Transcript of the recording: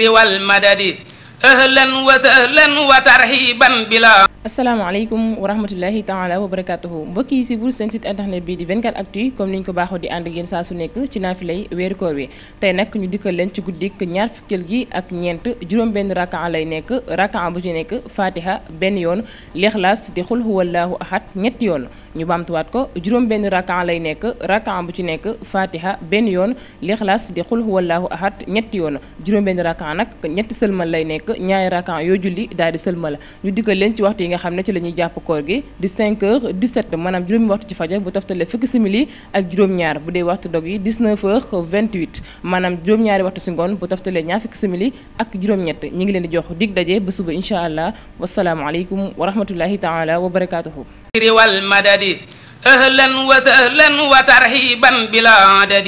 wal madadi ahlan wa sahlan wa tarhiban bila asalaamaaleykum wa rahmatullahi taala wa barakatuhu mbokk yi si bur seen site internet bi di 24 actu comme niñ ko baaxoo di ànd ak saa su nekk ci naafilay weeru koor wi tey nag ñu dikkal leen ci guddik ñaar fukkeel gi ak ñeent juróom-benn rakaa lay nekk rakaa bu ci nekk fatiha benn yoon lixlaas di xul huwallaahu ahad ñetti yoon ñu baamtuwaat ko juróom-benn rakaa lay nekk rakaa bu ci nekk fatiha benn yoon lixlaas di xul huwallaahu ahad ñetti yoon juróom-benn rakaa nag ñetti sëlmal lay nekk ñaari rakaa yoo julli daal di sëlmal ñu dikkal leen ci waxtu nga xam ne ci la jàpp koor gi di 5 heures 17 maanaam juróomi waxtu ci fajar bu toftalee fukki simili ak juróom-ñaar bu dee waxtu dog yi 19 heures 28 maanaam juróom-ñaari waxtu si ngoon bu toftalee ñaar fukki simili ak juróom-ñett ñi ngi leen di jox dig daje ba suba incha allah wasalaamualeykum wa rahmatullahi taala wa barakaatuhu madadi ahlan wa sahlan wa tarhiban bila